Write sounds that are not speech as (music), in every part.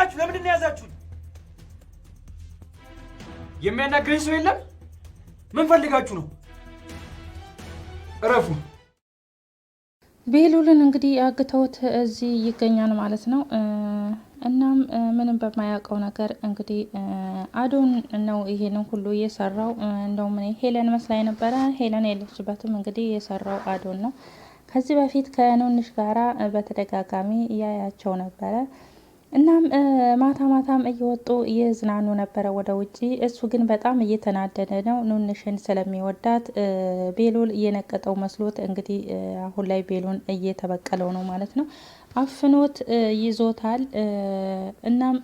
ናችሁ? ለምንድን ነው የያዛችሁኝ? የሚያናግረኝ ሰው የለም? ምን ፈልጋችሁ ነው? እረፉ። ቤሉልን እንግዲህ አግተውት እዚህ ይገኛል ማለት ነው። እናም ምንም በማያውቀው ነገር እንግዲህ አዶን ነው ይሄንን ሁሉ የሰራው። እንደውም ሄለን መስላይ ነበረ። ሄለን የለችበትም። እንግዲህ የሰራው አዶን ነው። ከዚህ በፊት ከኑንሽ ጋራ በተደጋጋሚ ያያቸው ነበረ። እናም ማታ ማታም እየወጡ እየዝናኑ ነበረ ወደ ውጭ። እሱ ግን በጣም እየተናደደ ነው ኑንሽን ስለሚወዳት ቤሉል እየነቀጠው መስሎት እንግዲህ አሁን ላይ ቤሉን እየተበቀለው ነው ማለት ነው። አፍኖት ይዞታል። እናም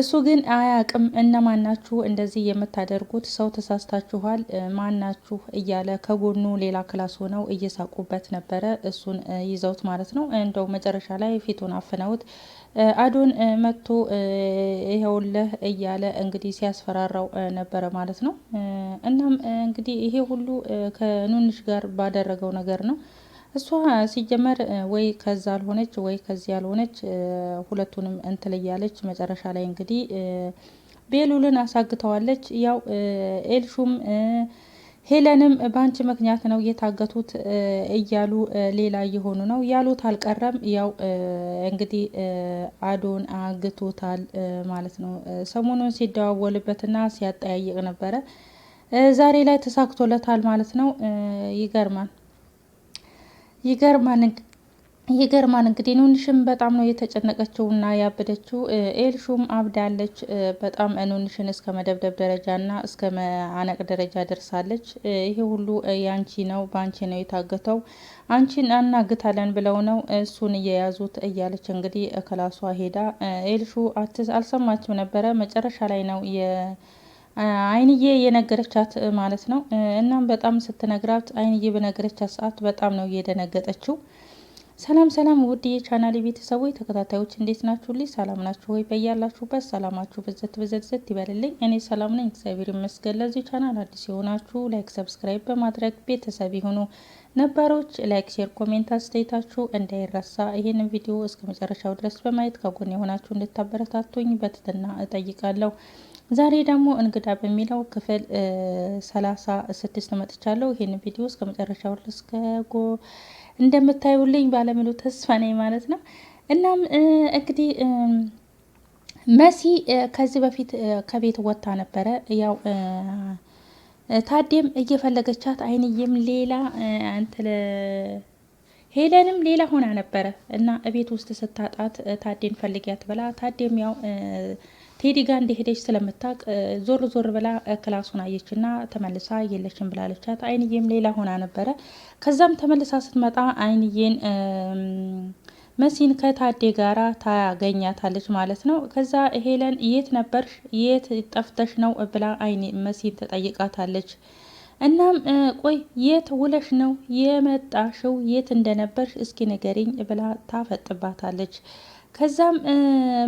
እሱ ግን አያቅም። እነማን ናችሁ እንደዚህ የምታደርጉት ሰው ተሳስታችኋል፣ ማናችሁ እያለ ከጎኑ ሌላ ክላስ ሆነው እየሳቁበት ነበረ። እሱን ይዘውት ማለት ነው። እንደው መጨረሻ ላይ ፊቱን አፍነውት አዶን መጥቶ ይኸውልህ እያለ እንግዲህ ሲያስፈራራው ነበረ ማለት ነው። እናም እንግዲህ ይሄ ሁሉ ከኑንሽ ጋር ባደረገው ነገር ነው። እሷ ሲጀመር ወይ ከዛ አልሆነች ወይ ከዚህ ያልሆነች ሁለቱንም እንትለያለች መጨረሻ ላይ እንግዲህ ቤሉልን አሳግተዋለች። ያው ኤልሹም ሄለንም በአንቺ ምክንያት ነው የታገቱት እያሉ ሌላ እየሆኑ ነው ያሉት አልቀረም። ያው እንግዲህ አዶን አግቶታል ማለት ነው። ሰሞኑን ሲደዋወልበትና ሲያጠያይቅ ነበረ። ዛሬ ላይ ተሳክቶለታል ማለት ነው። ይገርማል። ይገርማን ይገርማን እንግዲህ ኑንሽም በጣም ነው የተጨነቀችው እና ያበደችው። ኤልሹም አብዳለች በጣም ኑንሽን እስከ መደብደብ ደረጃ እና እስከ መአነቅ ደረጃ ደርሳለች። ይሄ ሁሉ ያንቺ ነው፣ በአንቺ ነው የታገተው፣ አንቺን አናግታለን ብለው ነው እሱን እየያዙት እያለች እንግዲህ ከላሷ ሄዳ ኤልሹ አልሰማችም ነበረ መጨረሻ ላይ ነው አይንዬ የነገረቻት ማለት ነው። እናም በጣም ስትነግራት አይንዬ በነገረቻት ሰዓት በጣም ነው የደነገጠችው። ሰላም ሰላም፣ ውድ የቻናሌ ቤተሰቦች ተከታታዮች እንዴት ናችሁ? ናችሁልኝ? ሰላም ናችሁ ወይ? በያላችሁበት ሰላማችሁ በዘት ዘት ይበልልኝ። እኔ ሰላም ነኝ፣ እግዚአብሔር ይመስገን። ለዚህ ቻናል አዲስ የሆናችሁ ላይክ፣ ሰብስክራይብ በማድረግ ቤተሰብ ይሁኑ። ነባሮች ላይክ፣ ሼር፣ ኮሜንት አስተያየታችሁ እንዳይረሳ። ይህንን ቪዲዮ እስከ መጨረሻው ድረስ በማየት ከጎን የሆናችሁ እንድታበረታቱኝ በትህትና እጠይቃለሁ። ዛሬ ደግሞ እንግዳ በሚለው ክፍል ሰላሳ ስድስት መጥቻለሁ። ይህን ቪዲዮ እስከ መጨረሻው እስከ ጎ እንደምታዩልኝ ባለሙሉ ተስፋ ነኝ ማለት ነው። እናም እንግዲህ መሲ ከዚህ በፊት ከቤት ወጥታ ነበረ። ያው ታዴም እየፈለገቻት አይንዬም ሌላ እንትል ሄለንም ሌላ ሆና ነበረ እና ቤት ውስጥ ስታጣት ታዴን ፈልጊያት ብላ ታዴም ያው ቴዲ ጋር እንደሄደች ስለምታውቅ ዞር ዞር ብላ ክላሱን አየችና ተመልሳ የለችም ብላለቻት። አይንዬም ሌላ ሆና ነበረ። ከዛም ተመልሳ ስትመጣ አይንዬን መሲን ከታዴ ጋራ ታገኛታለች ማለት ነው። ከዛ ሄለን የት ነበርሽ? የት ጠፍተሽ ነው ብላ አይኔ መሲን ተጠይቃታለች። እናም ቆይ የት ውለሽ ነው የመጣሽው? የት እንደነበርሽ እስኪ ንገሪኝ ብላ ታፈጥባታለች። ከዛም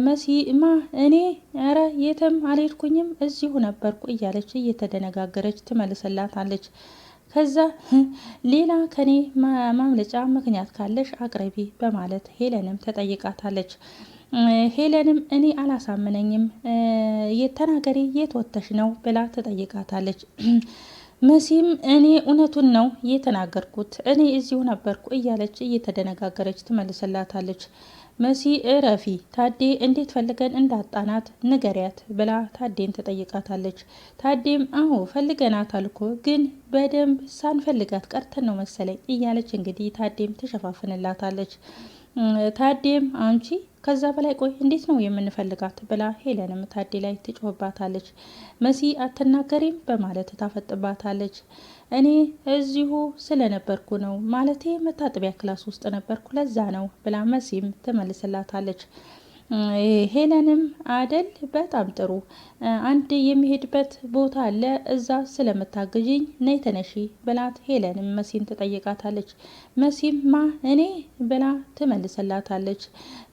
መሲ ማ እኔ ኧረ የትም አልሄድኩኝም እዚሁ ነበርኩ እያለች እየተደነጋገረች ትመልስላታለች። ከዛ ሌላ ከኔ ማምለጫ ምክንያት ካለሽ አቅርቢ በማለት ሄለንም ተጠይቃታለች። ሄለንም እኔ አላሳመነኝም የተናገሪ ወተሽ ነው ብላ ተጠይቃታለች። (clears throat) መሲም እኔ እውነቱን ነው የተናገርኩት እኔ እዚሁ ነበርኩ እያለች እየተደነጋገረች ትመልስላታለች። መሲ እረፊ ታዴ እንዴት ፈልገን እንዳጣናት ንገሪያት ብላ ታዴን ትጠይቃታለች። ታዴም አሁ ፈልገናት አልኮ ግን በደንብ ሳንፈልጋት ቀርተን ነው መሰለኝ እያለች እንግዲህ ታዴም ትሸፋፍንላታለች። ታዴም አንቺ ከዛ በላይ ቆይ እንዴት ነው የምንፈልጋት ብላ ሄለንም ታዴ ላይ ትጮህባታለች። መሲ አትናገሪም በማለት ታፈጥባታለች። እኔ እዚሁ ስለነበርኩ ነው ማለቴ መታጠቢያ ክላስ ውስጥ ነበርኩ ለዛ ነው ብላ መሲም ትመልስላታለች። ሄለንም አደል በጣም ጥሩ አንድ የሚሄድበት ቦታ አለ እዛ ስለምታገዥኝ ነይ ተነሺ ብላት ሄለንም መሲን ትጠይቃታለች። መሲም ማ እኔ ብላ ትመልስላታለች።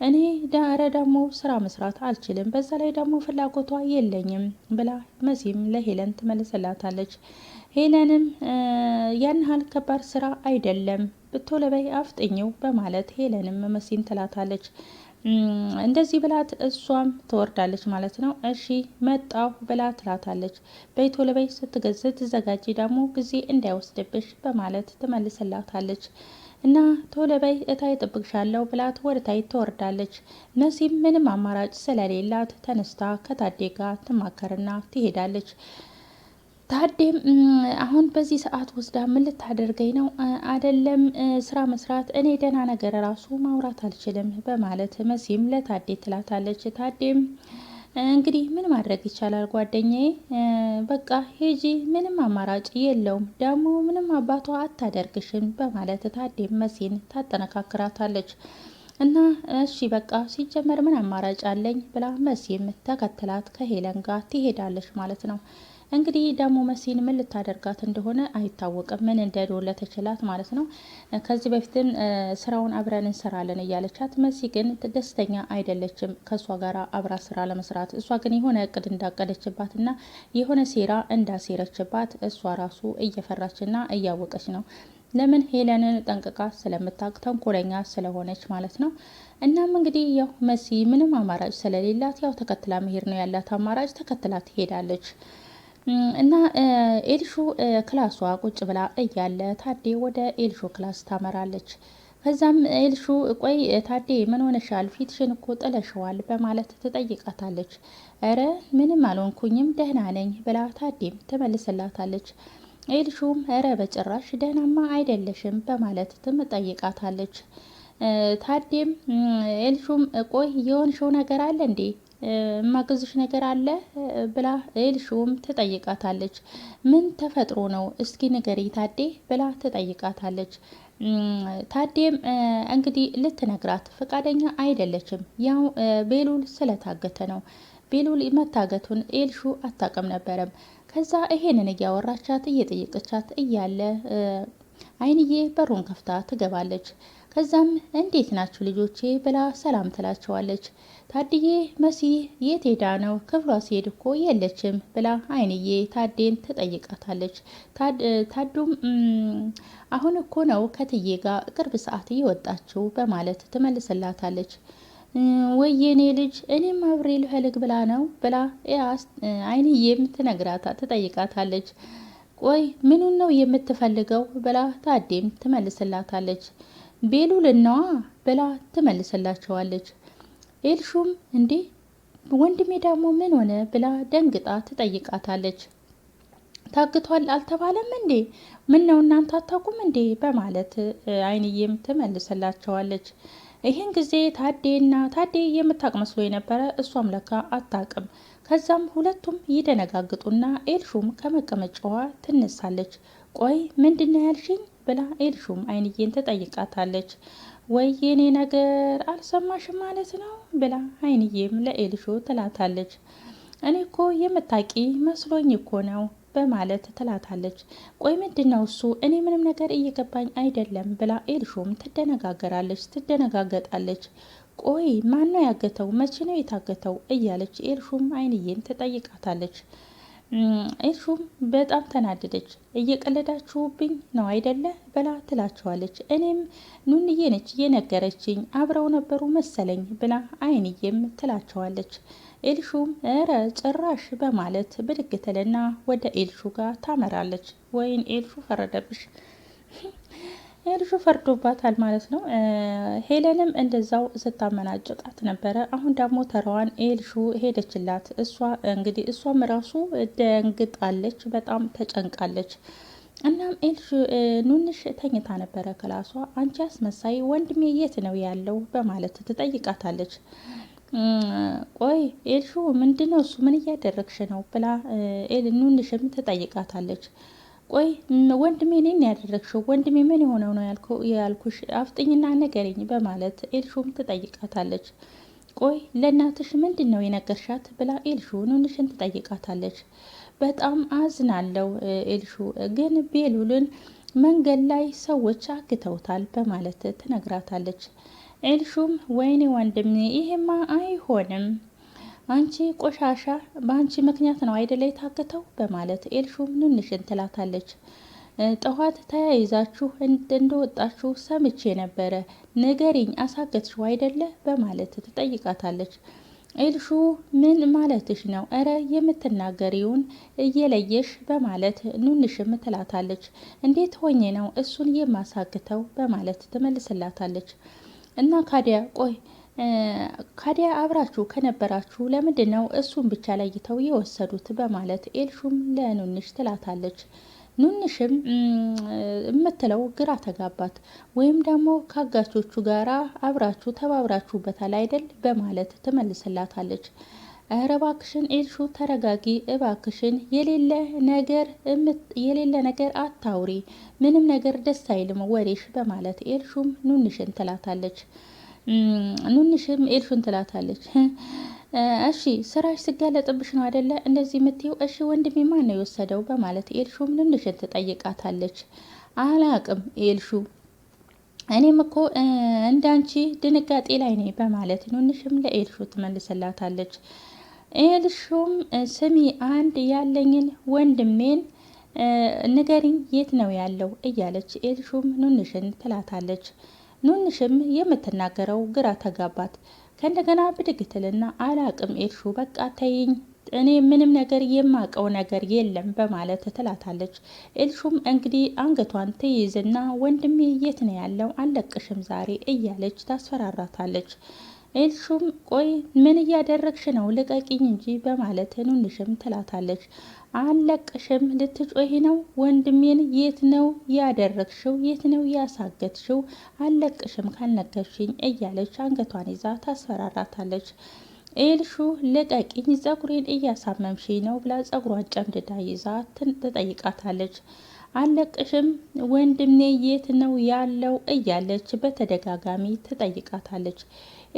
እኔ ዳረ ደግሞ ስራ መስራት አልችልም በዛ ላይ ደግሞ ፍላጎቷ የለኝም ብላ መሲም ለሄለን ትመልስላታለች። ሄለንም ያን ያህል ከባድ ስራ አይደለም ብቶሎ አፍጥኘው በማለት ሄለንም መሲን ትላታለች። እንደዚህ ብላት እሷም ትወርዳለች ማለት ነው። እሺ መጣሁ ብላ ትላታለች። በይቶሎ በይ ስትገዝ ትዘጋጂ ደግሞ ጊዜ እንዳይወስድብሽ በማለት ትመልስላታለች። እና ቶሎ በይ እታይ ጥብቅሻለሁ ብላት ወደ ታይ ትወርዳለች። ነሲም ምንም አማራጭ ስለሌላት ተነስታ ከታዴ ጋር ትማከርና ትሄዳለች። ታዴም አሁን በዚህ ሰዓት ወስዳ ምን ልታደርገኝ ነው? አደለም ስራ መስራት፣ እኔ ደህና ነገር ራሱ ማውራት አልችልም በማለት መሲም ለታዴ ትላታለች። ታዴም እንግዲህ ምን ማድረግ ይቻላል ጓደኛዬ፣ በቃ ሄጂ፣ ምንም አማራጭ የለውም። ደግሞ ምንም አባቷ አታደርግሽም በማለት ታዴም መሲን ታጠነካክራታለች። እና እሺ በቃ ሲጀመር ምን አማራጭ አለኝ ብላ መሲም ተከትላት ከሄለን ጋር ትሄዳለች ማለት ነው። እንግዲህ ደግሞ መሲን ምን ልታደርጋት እንደሆነ አይታወቅም፣ ምን እንደዶለተችላት ማለት ነው። ከዚህ በፊትም ስራውን አብረን እንሰራለን እያለቻት መሲ ግን ደስተኛ አይደለችም ከእሷ ጋር አብራ ስራ ለመስራት። እሷ ግን የሆነ እቅድ እንዳቀደችባት እና የሆነ ሴራ እንዳሴረችባት እሷ ራሱ እየፈራችና እያወቀች ነው። ለምን ሄለንን ጠንቅቃ ስለምታውቅ ተንኮለኛ ስለሆነች ማለት ነው። እናም እንግዲህ ያው መሲ ምንም አማራጭ ስለሌላት ያው ተከትላ መሄድ ነው ያላት አማራጭ፣ ተከትላ ትሄዳለች። እና ኤልሹ ክላሷ ቁጭ ብላ እያለ ታዴ ወደ ኤልሹ ክላስ ታመራለች። ከዛም ኤልሹ ቆይ ታዴ ምን ሆነሻል? ፊትሽን እኮ ጥለሸዋል በማለት ትጠይቃታለች። እረ ምንም አልሆንኩኝም ደህና ነኝ ብላ ታዴም ትመልስላታለች። ኤልሹም እረ በጭራሽ ደህናማ አይደለሽም በማለት ትጠይቃታለች። ታዴም ኤልሹም ቆይ የሆንሽው ነገር አለ እንዴ የማገዙሽ ነገር አለ ብላ ኤልሹም ትጠይቃታለች። ምን ተፈጥሮ ነው እስኪ ንገሪ ታዴ ብላ ትጠይቃታለች። ታዴም እንግዲህ ልትነግራት ፈቃደኛ አይደለችም። ያው ቤሉል ስለታገተ ነው። ቤሉል መታገቱን ኤልሹ አታውቅም ነበረም። ከዛ ይሄንን እያወራቻት እየጠየቀቻት እያለ አይንዬ በሩን ከፍታ ትገባለች። ከዛም እንዴት ናችሁ ልጆቼ ብላ ሰላም ትላቸዋለች። ታድዬ መሲ የት ሄዳ ነው ክፍሏ ሲሄድ እኮ የለችም ብላ አይንዬ ታዴን ትጠይቃታለች። ታዱም አሁን እኮ ነው ከትዬ ጋር ቅርብ ሰዓት እየወጣችው በማለት ትመልስላታለች። ወየኔ ልጅ እኔም አብሬ ልፈልግ ብላ ነው ብላ አይንዬም ትነግራታ ትጠይቃታለች። ቆይ ምኑን ነው የምትፈልገው ብላ ታዴም ትመልስላታለች። ቤሉልናዋ ብላ ትመልስላቸዋለች። ኤልሹም እንዴ ወንድሜ ደግሞ ምን ሆነ ብላ ደንግጣ ትጠይቃታለች። ታግቷል አልተባለም እንዴ? ምን ነው እናንተ አታውቁም እንዴ? በማለት አይንዬም ትመልስላቸዋለች። ይህን ጊዜ ታዴና ታዴ የምታቅ መስሎ የነበረ እሷም ለካ አታቅም። ከዛም ሁለቱም ይደነጋግጡና ኤልሹም ከመቀመጫዋ ትነሳለች። ቆይ ምንድን ያልሽኝ? ብላ ኤልሹም አይንዬን ተጠይቃታለች። ወይ የኔ ነገር አልሰማሽ ማለት ነው ብላ አይንዬም ለኤልሹ ትላታለች። እኔ እኮ የምታቂ መስሎኝ እኮ ነው በማለት ትላታለች። ቆይ ምንድን ነው እሱ? እኔ ምንም ነገር እየገባኝ አይደለም ብላ ኤልሹም ትደነጋገራለች፣ ትደነጋገጣለች። ቆይ ማን ነው ያገተው? መቼ ነው የታገተው? እያለች ኤልሹም አይንዬን ትጠይቃታለች። እሹም በጣም ተናደደች። እየቀለዳችሁብኝ ነው አይደለ ብላ ትላቸዋለች። እኔም ኑንዬ ነች የነገረችኝ አብረው ነበሩ መሰለኝ ብላ አይንዬም ትላቸዋለች። ኤልሹም እረ ጭራሽ በማለት ብድግ ወደ ኤልሹ ጋር ታመራለች። ወይን ኤልሹ ፈረደብሽ ልጁ ፈርዶባታል ማለት ነው። ሄለንም እንደዛው ስታመናጭቃት ነበረ። አሁን ደግሞ ተራዋን ኤልሹ ሄደችላት። እሷ እንግዲህ እሷም ራሱ ደንግጣለች፣ በጣም ተጨንቃለች። እናም ኤልሹ ኑንሽ ተኝታ ነበረ ክላሷ። አንቺ አስመሳይ ወንድሜ የት ነው ያለው በማለት ትጠይቃታለች። ቆይ ኤልሹ ምንድነው እሱ ምን እያደረግሽ ነው ብላ ኑንሽም ትጠይቃታለች። ቆይ ወንድሜ እኔን ያደረግሽው ወንድሜ ምን የሆነው ነው ያልኩሽ አፍጥኝና ነገረኝ በማለት ኤልሹም ትጠይቃታለች። ቆይ ለእናትሽ ምንድን ነው የነገርሻት ብላ ኤልሹ ኑንሽን ትጠይቃታለች። በጣም አዝናለው ኤልሹ ግን ቤሉልን መንገድ ላይ ሰዎች አግተውታል በማለት ትነግራታለች። ኤልሹም ወይኔ ወንድሜ ይሄማ አይሆንም አንቺ ቆሻሻ፣ በአንቺ ምክንያት ነው አይደለ የታገተው በማለት ኤልሹም ንንሽን ትላታለች። ጠዋት ተያይዛችሁ እንደወጣችሁ ሰምቼ ነበረ፣ ንገሪኝ፣ አሳገትሽው አይደለ በማለት ትጠይቃታለች። ኤልሹ ምን ማለትሽ ነው? እረ የምትናገሪውን እየለየሽ በማለት ኑንሽም ትላታለች። እንዴት ሆኜ ነው እሱን የማሳግተው በማለት ትመልስላታለች። እና ካዲያ ቆይ ካዲያ አብራችሁ ከነበራችሁ ለምንድን ነው እሱን ብቻ ለይተው የወሰዱት? በማለት ኤልሹም ለኑንሽ ትላታለች። ኑንሽም የምትለው ግራ ተጋባት። ወይም ደግሞ ከአጋቾቹ ጋራ አብራችሁ ተባብራችሁበታል አይደል? በማለት ትመልስላታለች። እረ እባክሽን ኤልሹ ተረጋጊ፣ እባክሽን የሌለ ነገር የሌለ ነገር አታውሪ፣ ምንም ነገር ደስ አይልም ወሬሽ በማለት ኤልሹም ኑንሽን ትላታለች። ኑንሽም ኤልሹን ትላታለች። እሺ ስራሽ ስጋለጥብሽ ነው አደለ እንደዚህ የምትይው? እሺ ወንድሜ ማን ነው የወሰደው? በማለት ኤልሹም ኑንሽን ትጠይቃታለች። አላቅም ኤልሹ እኔም እኮ እንዳንቺ ድንጋጤ ላይ ነኝ በማለት ኑንሽም ለኤልሹ ትመልስላታለች። ኤልሹም ስሚ አንድ ያለኝን ወንድሜን ንገሪኝ፣ የት ነው ያለው እያለች ኤልሹም ኑንሽን ትላታለች። ኑንሽም የምትናገረው ግራ ተጋባት። ከእንደገና ብድግትልና አላቅም ኤልሹ በቃ ተይኝ እኔ ምንም ነገር የማቀው ነገር የለም በማለት ትላታለች። ኤልሹም እንግዲህ አንገቷን ትይዝና ወንድሜ የት ነው ያለው አለቅሽም ዛሬ እያለች ታስፈራራታለች። ኤልሹም ቆይ ምን እያደረግሽ ነው ልቀቂኝ እንጂ በማለት ኑንሽም ትላታለች። አለቅሽም ልትጮሂ ነው? ወንድሜን የት ነው ያደረግሽው? የት ነው ያሳገትሽው? አለቅሽም ካልነገርሽኝ እያለች አንገቷን ይዛ ታስፈራራታለች። ኤልሹ ልቀቂኝ፣ ጸጉሬን እያሳመምሽ ነው ብላ ጸጉሯን ጨምድዳ ይዛ ትጠይቃታለች። አለቅሽም ወንድሜ የት ነው ያለው? እያለች በተደጋጋሚ ትጠይቃታለች።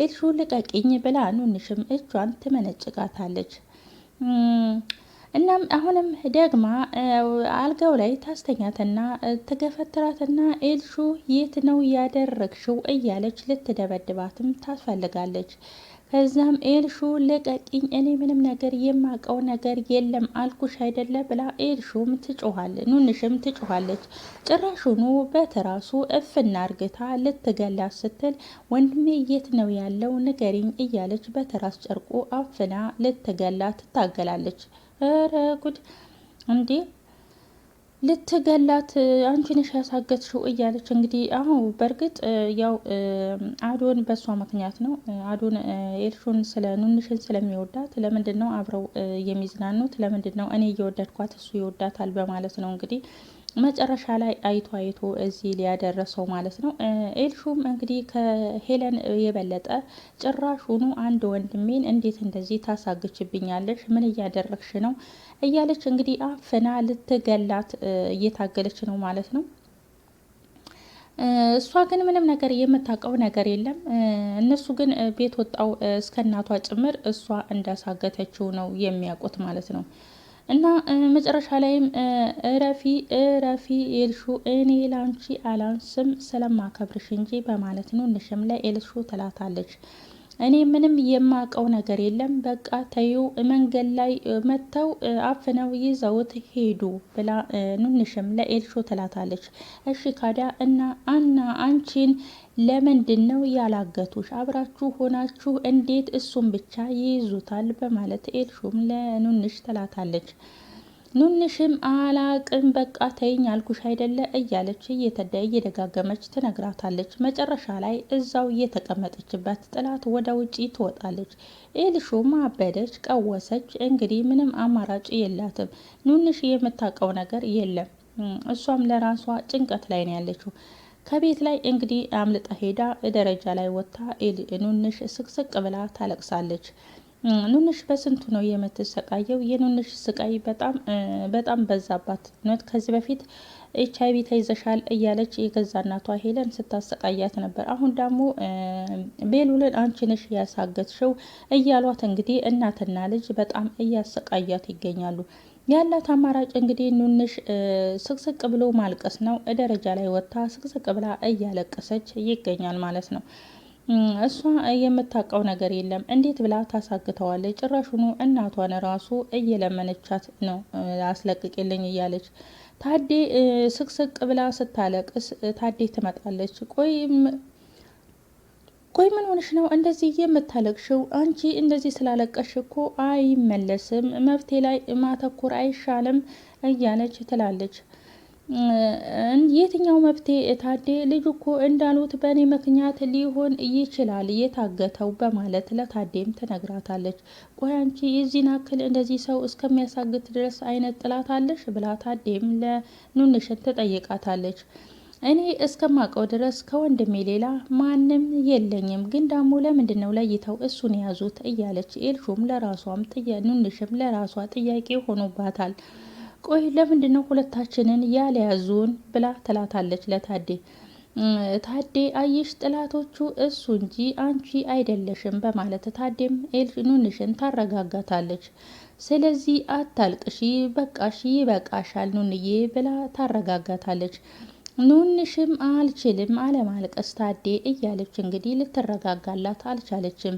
ኤልሹ ልቀቂኝ ብላ ኑንሽም እጇን ትመነጭቃታለች። እናም አሁንም ደግማ አልጋው ላይ ታስተኛትና ትገፈትራትና ኤልሹ የት ነው ያደረግሽው እያለች ልትደበድባትም ታስፈልጋለች። ከዛም ኤልሹ ልቀቂኝ፣ እኔ ምንም ነገር የማውቀው ነገር የለም አልኩሽ አይደለ ብላ ኤልሹም ትጮኋል፣ ኑንሽም ትጮኋለች። ጭራሹኑ በትራሱ እፍና እርግታ ልትገላት ስትል ወንድሜ የት ነው ያለው ንገሪኝ እያለች በትራስ ጨርቁ አፍና ልትገላ ትታገላለች። ኧረ ጉድ እንዴ! ልትገላት አንቺ ነሽ ያሳገትሽው እያለች እንግዲህ አሁ በእርግጥ ያው አዶን በእሷ ምክንያት ነው። አዶን ኤልሹን ስለ ኑንሽን ስለሚወዳት ለምንድን ነው አብረው የሚዝናኑት? ለምንድን ነው እኔ እየወደድኳት እሱ ይወዳታል በማለት ነው እንግዲህ መጨረሻ ላይ አይቶ አይቶ እዚህ ሊያደረሰው ማለት ነው። ኤልሹም እንግዲህ ከሄለን የበለጠ ጭራሹኑ አንድ ወንድሜን እንዴት እንደዚህ ታሳግችብኛለሽ? ምን እያደረግሽ ነው? እያለች እንግዲህ አፍና ልትገላት እየታገለች ነው ማለት ነው። እሷ ግን ምንም ነገር የምታውቀው ነገር የለም። እነሱ ግን ቤት ወጣው እስከ እናቷ ጭምር እሷ እንዳሳገተችው ነው የሚያውቁት ማለት ነው። እና መጨረሻ ላይም እረፊ እረፊ ኤልሹ እኔ ላንቺ አላንስም ስለማከብርሽ እንጂ በማለት ነው ንሽም ላይ ኤልሹ ትላታለች። እኔ ምንም የማውቀው ነገር የለም በቃ ተዩ መንገድ ላይ መጥተው አፍነው ይዘውት ሄዱ ብላ ኑንሽም ለኤልሾ ትላታለች። እሺ ካዲያ እና አና አንቺን ለምንድን ነው ያላገቱሽ? አብራችሁ ሆናችሁ እንዴት እሱን ብቻ ይይዙታል? በማለት ኤልሹም ለኑንሽ ትላታለች። ኑንሽም አላቅም በቃ ተይኝ አልኩሽ አይደለ እያለች እየተደ እየደጋገመች ትነግራታለች። መጨረሻ ላይ እዛው እየተቀመጠችበት ጥላት ወደ ውጪ ትወጣለች። ኤልሹም አበደች፣ ቀወሰች። እንግዲህ ምንም አማራጭ የላትም። ኑንሽ የምታውቀው ነገር የለም። እሷም ለራሷ ጭንቀት ላይ ነው ያለችው። ከቤት ላይ እንግዲህ አምልጣ ሄዳ ደረጃ ላይ ወጥታ ኑንሽ ስቅስቅ ብላ ታለቅሳለች። ኑንሽ በስንቱ ነው የምትሰቃየው። የኑንሽ ስቃይ በጣም በጣም በዛባት። ነት ከዚህ በፊት ኤች አይ ተይዘሻል እያለች የገዛ እናቷ ሄለን ስታሰቃያት ነበር። አሁን ደግሞ ቤሉልን አንቺ ነሽ ያሳገትሽው እያሏት እንግዲህ እናትና ልጅ በጣም እያሰቃያት ይገኛሉ። ያላት አማራጭ እንግዲህ ኑንሽ ስቅስቅ ብሎ ማልቀስ ነው። ደረጃ ላይ ወጥታ ስቅስቅ ብላ እያለቀሰች ይገኛል ማለት ነው። እሷ የምታውቀው ነገር የለም። እንዴት ብላ ታሳግተዋለች? ጭራሹኑ እናቷን ራሱ እየለመነቻት ነው አስለቅቄልኝ እያለች ታዴ ስቅስቅ ብላ ስታለቅስ ታዴ ትመጣለች። ቆይም ቆይ ምን ሆነሽ ነው እንደዚህ የምታለቅሽው? አንቺ እንደዚህ ስላለቀሽ እኮ አይመለስም፣ መፍትሄ ላይ ማተኮር አይሻልም? እያለች ትላለች። የትኛው መፍትሄ ታዴ? ልጅ እኮ እንዳሉት በእኔ ምክንያት ሊሆን ይችላል የታገተው በማለት ለታዴም ትነግራታለች። ቆይ አንቺ የዚህን አክል እንደዚህ ሰው እስከሚያሳግት ድረስ አይነት ጥላት አለሽ? ብላ ታዴም ለኑንሽን ትጠይቃታለች። እኔ እስከማውቀው ድረስ ከወንድሜ ሌላ ማንም የለኝም። ግን ደግሞ ለምንድን ነው ለይተው እሱን የያዙት እያለች ኤልሹም ለራሷም ኑንሽም ለራሷ ጥያቄ ሆኖባታል። ቆይ ለምንድን ነው ሁለታችንን ያለያዙን ብላ ትላታለች ለታዴ። ታዴ አይሽ ጥላቶቹ እሱ እንጂ አንቺ አይደለሽም በማለት ታዴም ኑንሽን ታረጋጋታለች። ስለዚህ አታልቅሺ፣ በቃሽ፣ ይበቃሻል ኑንዬ ብላ ታረጋጋታለች። ኑንሽም አልችልም አለማልቀስ ታዴ እያለች እንግዲህ ልትረጋጋላት አልቻለችም።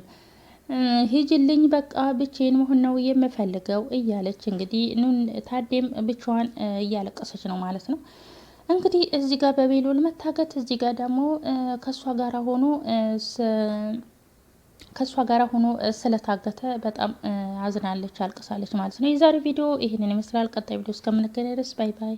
ሂጅልኝ በቃ ብቼን መሆን ነው የምፈልገው እያለች እንግዲህ ኑን ታዴም ብቻዋን እያለቀሰች ነው ማለት ነው። እንግዲህ እዚህ ጋር በቤሉል መታገት፣ እዚህ ጋር ደግሞ ከእሷ ጋራ ሆኖ ከእሷ ጋር ሆኖ ስለታገተ በጣም አዝናለች፣ አልቅሳለች ማለት ነው። የዛሬ ቪዲዮ ይህንን ይመስላል። ቀጣይ ቪዲዮ እስከምንገናኝ ድረስ ባይ ባይ።